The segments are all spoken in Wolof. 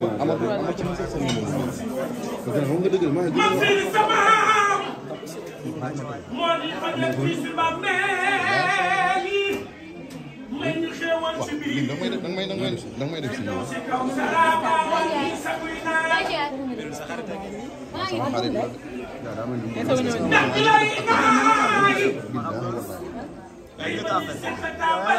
Amadou Maam Seydi sama moo di xajal fii si ma meel yi may ñu xéewal si biir da nga may def si ñoom si kaw salaama saguy naa sa xarit ndax lay naay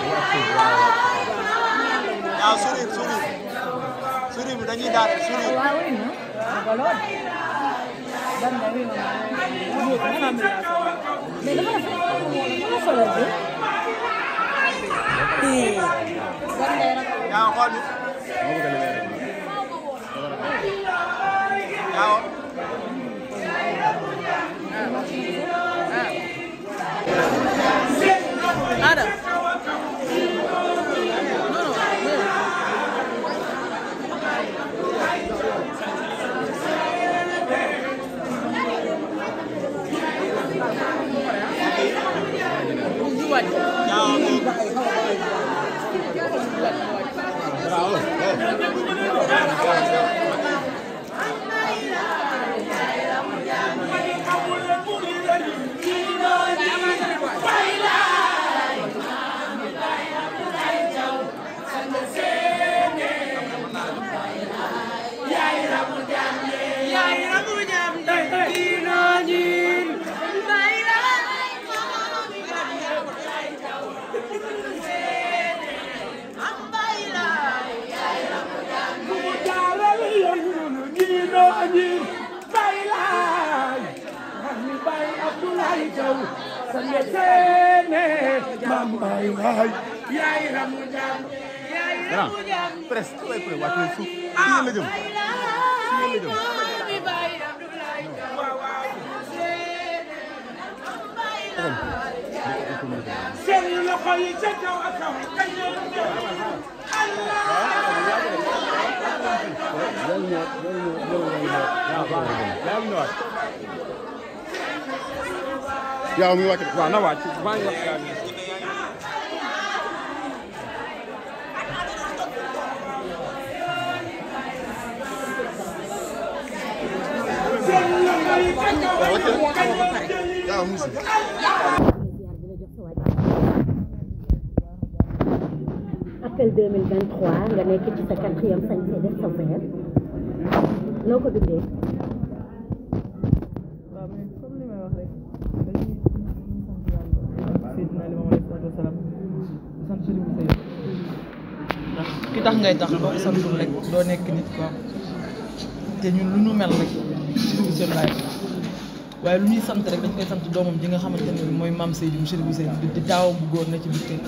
waaw sourire sourire sourire bi dañuy daal sourire. yaa ngi xool bi. bay Abdoulaye Diaw sanga seene maam bay waay yaay ramu jam yaay ramu ah, jam presque way koy wàcc suuf la jëm ah, la jëm seen loxo yi ca kaw ak kaw yaa muy wàcc waaw na wàcc maa ngi appel 2023 nga nekk ci sa quatrième sañ def sa verre noo ko dundee ki tax ngay tax doo santul rek doo nekk nit quoi te ñun lu ñu mel rek seen laay waaye lu ñuy sant rek dañ koy sant doomam ji nga xamante ne mooy maam Seydou mu sëriñ di taawam bu góor na ci biir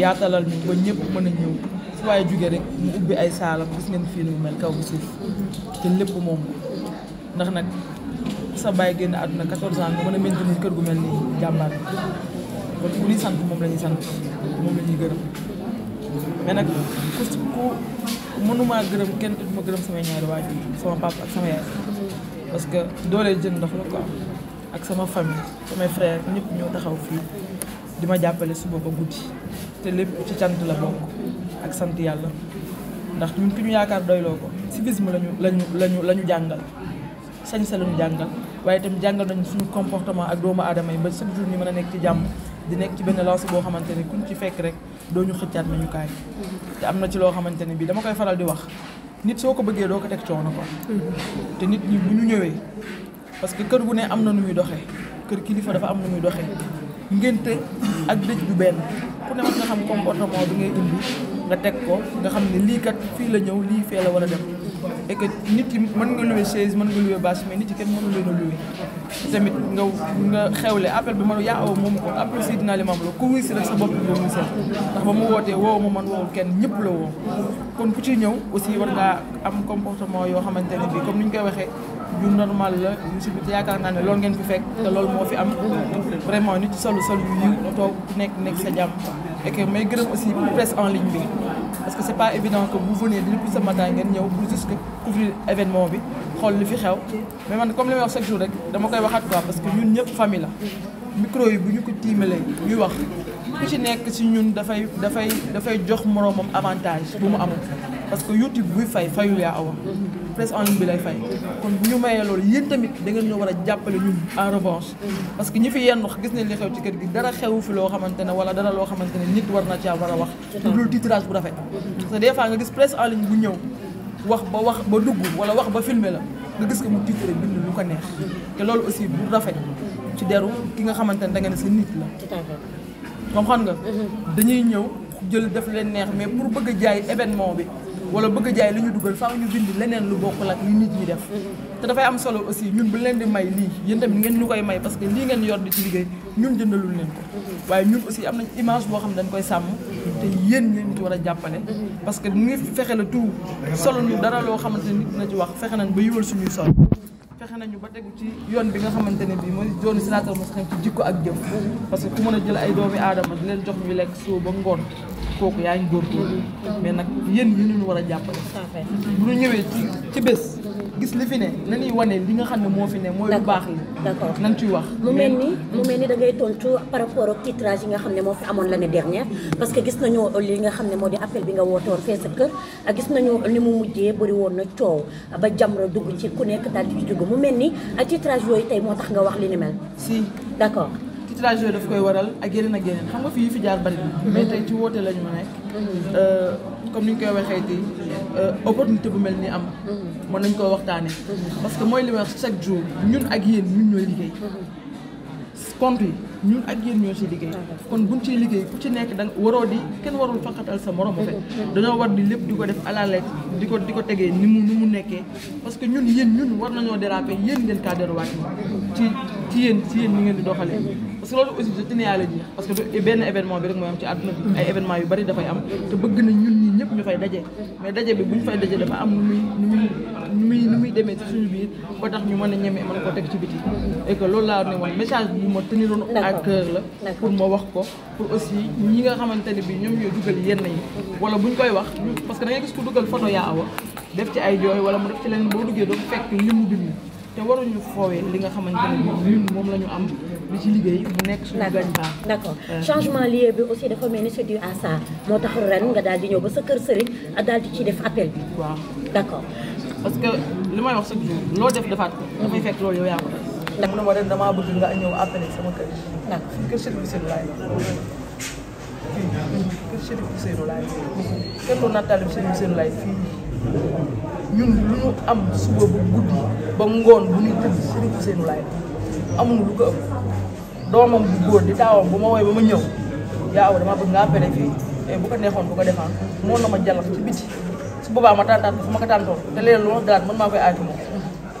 yaatalal ñu ba ñëpp mën a ñëw fu waaye jóge rek mu ubbi ay saalam gis ngeen fii nu mel kaw bu suuf te lépp moom ndax nag sa bàyyi génn àdduna 14 ans mën a maintenir kër gu mel nii jàmbaar kon ku sant moom lañuy sant moom la ñuy gërëm mais nag ku ku mënumaa gërëm kenn du ma gërëm samay ñaari waajur sama papa ak sama yaay parce que doolee jën ndax la quoi ak sama famille samay frère ñëpp ñoo taxaw fii di ma jàppale suba ba guddi te lépp ci cant la bokk ak sant yàlla ndax ñun ki ñu yaakaar doyloo ko civisme lañu lañu lañu la ñu jàngal sañ sa la ñu jàngal waaye itam jàngal nañu suñu comportement ak doomu aadama yi ba chaque jour ñu mën a nekk ci jàmm di nekk ci benn lancé boo xamante ne kuñ ci fekk rek doo ñu xëccaat nañu kaay. te am na ci loo xamante ne bii dama koy faral di wax nit soo ko bëggee doo ko teg na ko te nit ñi bu ñu ñëwee parce que kër gu ne am na nu muy doxee kër kilifa dafa am nu muy doxee ngénte ak dëj bu benn ku ne wax nga xam comportement bi ngay indi. nga teg ko nga xam ne lii kat fii la ñëw lii fee la war a dem et que nit yi mën nga loué chaise mën nga loué bâche mais nit yi kenn mënu leen a loué tamit nga nga xewle appel bi man yaa aw moom ko appel si dinaa li maam la ku wuy si rek sa bopp bi nga wuy ndax ba mu wootee woow ma man woowul kenn ñëpp la woo kon ku ci ñëw aussi war ngaa am comportement yoo xamante ne bii comme ni ñu koy waxee yu normal la yu si te yaakaar naa ne lool ngeen fi fekk te loolu moo fi am vraiment nit ci solu sol nekk nekk sa jàmm et que may gërëm aussi pour presse en ligne bi parce que c'est pas évident que vous venez depuis ce matin ngeen ñëw pour juste couvrir événement bi xool li fi xew mais man comme li may wax chaque rek dama koy waxaat quoi parce que ñun ñëpp famille la micro bu ñu ko tiimalee ñuy wax lu ci nekk si ñun dafay dafay dafay jox moroomam avantage bu mu amul parce que YouTube buy fay fayu yaa awa presse en ligne bi lay fay kon bu ñu mayee loolu yéen tamit da ngeen ñu war a jàppale ñun en revanche parce que ñi fi yenn wax gis nañ li xew ci kër gi dara xew fi loo xamante ne wala dara loo xamante ne nit war na caa war a wax lu dul titrage bu rafet parce que des fois nga gis presse en ligne bu ñëw wax ba wax ba dugg wala wax ba filmer la nga gis ko mu titré bind lu ko neex te loolu aussi bu rafet ci deru ki nga xamante ne da nga ne sa nit la comprendre nga. Mhm. dañuy ñëw jël def leen neex mais pour bëgg jaay événement bi. wala bëgg jaay li ñu dugal faaw ñu bind leneen lu bokk ak li nit ñi def. Mhm. te dafay am solo aussi ñun bu leen di may lii yéen tamit ngeen ñu koy may parce que lii ngeen yor di ci liggéey ñun jëndalul neen ko. Mhm. waaye ñun aussi am nañ image boo xam ne dañ koy sàmm. te yéen ngeen ci war a jàppale. parce que ñu ngi fexe la tout solo ñu dara loo xamante ni nit na ci wax fexe nañ ba yiwal suñuy sol. fexe nañu ba tegu ci yoon bi nga xamante ne bii mooy yoonu sénateur Moussa Khame ci jikko ak jëf parce que ku mën a jël ay doomi aadama di leen jox ñu lekk soo ba ngoon kooku yaa ngi góorgóorlu mais nag yéen ñi ñu war a jàppale bu ñu ñëwee ci ci bés gis li fi ne nañuy wane li nga xam ne moo fi ne mooy lu baax li d'accord nañ ciy wax mu mel ni mu mel ni da ngay tontu par rapport ak titrage yi nga xam ne moo fi amoon l'année dernière parce que gis nañu li nga xam ne moo di appel bi nga woote woon fee sa kër gis nañu li mu mujjee bëri woon na coow ba Jamra dugg ci ku nekk daal di dugg mu mel ni titrage yooyu tey moo tax nga wax li ni mel si d'accord titrage yooyu daf koy waral ak yeneen ak yeneen yu fi jaar bari mhm. mais tey ci woote lañu ma mhm. euh, comme ni ñu koy waxee di euh, opportunité bu mel ni am. Mhm. mën nañ koo waxtaane mhm. parce que mooy li wax chaque jour ñun ak yéen ñun ñooy liggéey. Mhm. compte yi ñun ak yéen ñoo ci liggéey kon bu buñ ciy liggéey ku ci nekk da waroo di kenn warul faqatal sa morom en fait dañoo war di lépp di ko def à la di ko di ko tegee ni mu ni mu nekkee parce que ñun yéen ñun war nañoo déraper yéen ngeen kaa derawaat ci ci yéen ci yéen ñi ngeen di doxalee parce que loolu aussi je tenais parce que benn événement bi rek mooy am ci àdduna bi ay événement yu bari dafay ñëpp ñu fay daje mais daje bi bu ñu fay daje dafa am nu muy nu muy nu muy demee ci suñu biir ba tax ñu mën a ñemee mën koo teg ci biti et loolu laa ne woon message bi ma teniroon à cœur la pour ma wax ko pour aussi ñi nga xamante ne bi ñoom ñoo dugal yenn yi wala buñ koy wax parce que da gis ku dugal photo yaa awa def ci ay jooy wala mu def ci leneen boo duggee doo fekk limu bi te waruñu foowee li nga xamante ne bi ñun moom la ñu am li ci liggéey mu nekk suñu gàñ baax d'accord euh, changement lieu bi aussi dafa mel ni c'est dû à ça moo tax ren nga daal di ñëw ba sa kër sëriñ daal di ci def appel bi waaw d'accord parce que li may wax chaque jour loo def defaat ko dafay fekk loolu yow yaa ko def mu ne ma ren damaa bëgg nga ñëw appelé sama kër kër sëriñ bi sëriñ laay kër sëriñ bi sëriñ laay kër lu nataalu sëriñ bi sëriñ laay fii ñun lu ñu am suba bu guddi ba ngoon bu ñuy tëdd sëriñ bi sëriñ laay amuñu lu ko ëpp doomam bu góor di taawam bu ma woowee ba ma ñëw yaa aw dama bëgg ngaa pere fii te eh, bu ko neexoon bu ko defaan moo na ma jàllax ci biti su boobaa ma tàntaat ma ko tàntoon te léegi daan mën maa koy aaju moom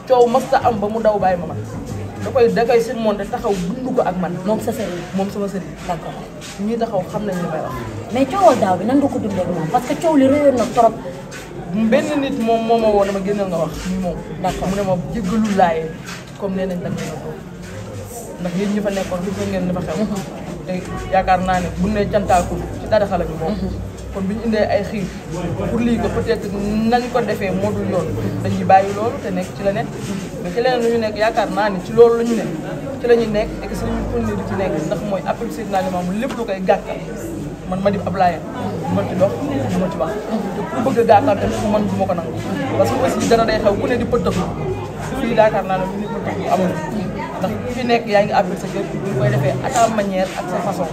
coow mas ta am ba mu daw bàyyi ma man da koy da koy surmonter taxaw dund ko ak man moom sa sëriñ moom sama sëriñ d'accord ñii taxaw xam nañ li may wax mais coowal daaw bi nan nga ko dundee parce que coow li réyoon na trop benn nit moom moo ma woo dama génnal nga wax ñi moom d'accord mu ne ma jéggalu laayee comme nee nañ danga na toog ndax yéen ñi fa nekkoon gis ngeen li fa xew te yaakaar naa ne bu ne cantaaku ci dara xala bi moom kon bu ñu indee ay xiif pour lii ko peut-être nañ ko defee moo dul yoon bàyyi loolu te nekk ci la nekk mais ci leneen nekk yaakaar naa ne ci loolu la ñu nekk ci la ñuy nekk et si di ci nekk ndax mooy appel Seydina Limaamu lépp lu koy gàkkal man ma di Ablaye ma ci dox ma ci wax te ku bëgg a gàkkal tamit man ma ko nangu parce que aussi dara xew ku ne di pëttaxlu fii yaakaar naa ne lu ñu pëttaxlu amul ndax ku fi nekk yaa ngi appel sa kër ñu ak sa façon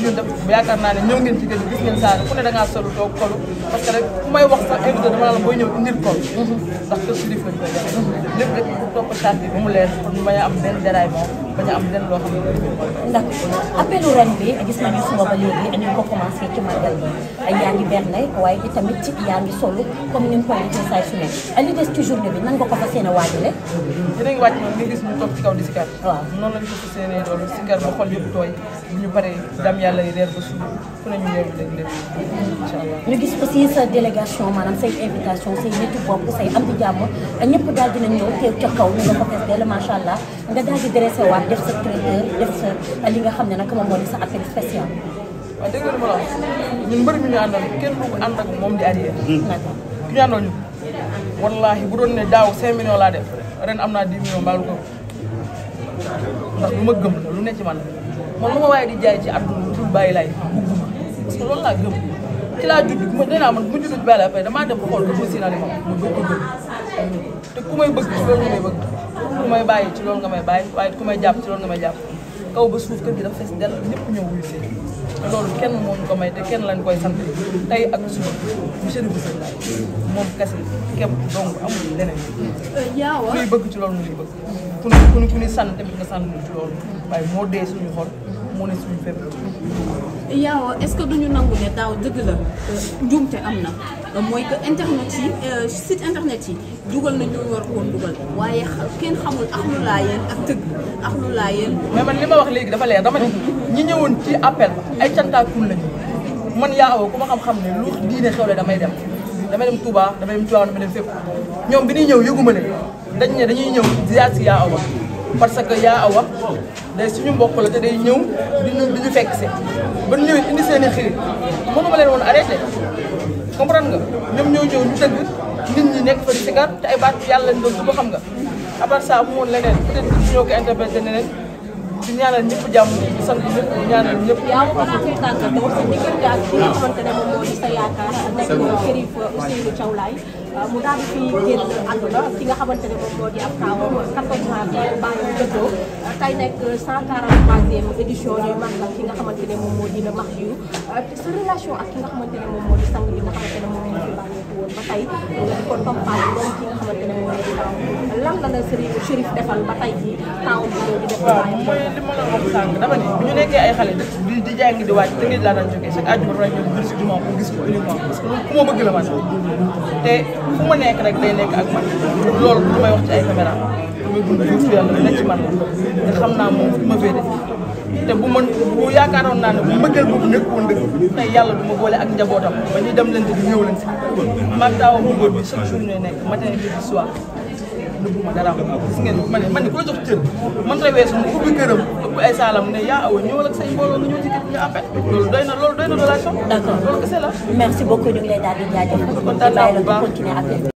ñun yaakaar naa ne ñëw ngeen ci gën gis ngeen saa ku ne da ngaa solu toog kolu parce que rek may wax sax invité dama la booy ñëw indil kol mhm. ndax kër si dif lañ koy def lépp rek bu topp charte bi ba mu leer kon ñu bañ a am benn déraillement bañ a am lenn loo xam ne d'accord appelu ren bi gis nañu suba ba léegi ñu ko commencé ci màggal bi yaa ngi bernde waaye tamit yaa ngi solu comme ni nga koy defee saa su nekk li des ci journée bi nan nga ko fas yéene waajale dinañ wàcc moom ni gis ñu paree dam yàlla yi reer ba suuf fu nañu yeewu leen dem incha allah ñu gis aussi sa délégation maanaam say invitation say nitu bopp say am di jàmm ñëpp daal dina ñëw teew ca kaw ñu nga ko xam ne nag moom moo sa appel spécial waaw dégg nga ma la wax ñun mbëri mi ñu àndal kenn du ànd ak moom di arrière hmm. ki ñu àndal ñu wallaahi bu doon ne daaw 5 millions laa def ren am naa 10 millions mbaalu ko ndax lu ma gëm la lu ne ci man man lu ma waaye di jaay ci àdduna bi dul bàyyi laay bugguma parce que loolu laa gëm ci laa judd bu ma nee naa man bu ma judd bàyyi laay fay damaa dem ba xool ko si naa ne moom ma bëgg ko gëm te ku may bëgg ci loolu nga may bëgg ku may bàyyi ci loolu nga may bàyyi waaye ku may jàpp ci loolu nga may jàpp kaw ba suuf kër gi dafa fees dell ñëpp ñëw wuyu see loolu kenn moo ñu ko may te kenn lañ koy sant tey ak suba monsieur le ministre moom kese kem dong amul leneen. Euh, yaawa kuy bëgg ci loolu nga bëgg. ku ni ku ni ku ni sànn tamit nga sànn ci loolu waaye moo dee suñu xol moo ne suñu fépp yaaw est-ce que duñu nangu ne daaw dëgg la euh, njuumte am na euh, mooy que internet yi euh, site internet yi dugal na ñu war woon dugal waaye kenn xamul ax lu laa yéen ak dëgg ax lu laa yéen mais man li ma wax léegi dafa leer dama ne ñi ñëwoon ci appel ay cantaakul lañu man yaa awoo ma xam-xam ne lu diine xewle damay dem damay dem Touba damay dem Tivaouane damay dem fépp ñoom bi ñuy dañ ne dañuy ñëw ziar si yaa awa parce que yaa awa day suñu mbokk la te day ñëw di ñu fekk si ba ñëwee indi seen i xarit mënuma leen woon arrêté comprendre nga ñoom ñoo ñëw ñu tëgg nit ñi nekk fa di sigar te ay baat yàlla lañ doon ko xam nga à part ça mu woon leneen peut-être ñoo ko interprété neneen di ñaanal ñëpp jàmm di sant ñëpp di ñaanal ñëpp. yaa ngi ko naan koy tàggatoo sa diggante ak ki nga xamante ne moom moo di sa yaakaar nekk Chérif Ousseynou Thiaw Laye euh, mu daal di fi génn àdduna ki nga xamante ne moom moo di ab taawam 14 ans bàyyi jëndoo tey nekk 143e édition ñuy màggal ki nga xamante ne moom moo di le Mahdiou euh, sa relation ak ki nga xamante ne moom moo di sang bi nga xamante ne moom ba tey nga di ko toppal doon la la sëriñ bi ñëw di def. waaw mooy li ne ñu nekkee ay xale di di jàngi di wàcc tënkee laa daan jógee chaque àjjuma rek ñu gis ko gis ko uniquement que ku ma bëgg la man te fu ma nekk rek day nekk ak man loolu lu may wax ci ay caméra lu may dund yëpp yàlla nekk ci man la xam naa moom fi ma féete te bu man bu yaakaaroon naa ne bu mbëggeel boobu nekkoon dëgg tey yàlla du ma boole ak njabootam ma ñuy dem leen di ñëw ma si maag taawam bu góor bi nekk matin bi du soir nëbbu ma dara gis ngeen ma ne man ne ku la jox cër man ta weesu mu ubbi këram ëpp ay saalam ne yaa awa ñëwal ak say mbooloo nga ñëw ci ñu appel loolu doy na loolu doy na relation d'accord loolu kese la merci beaucoup ñu ngi lay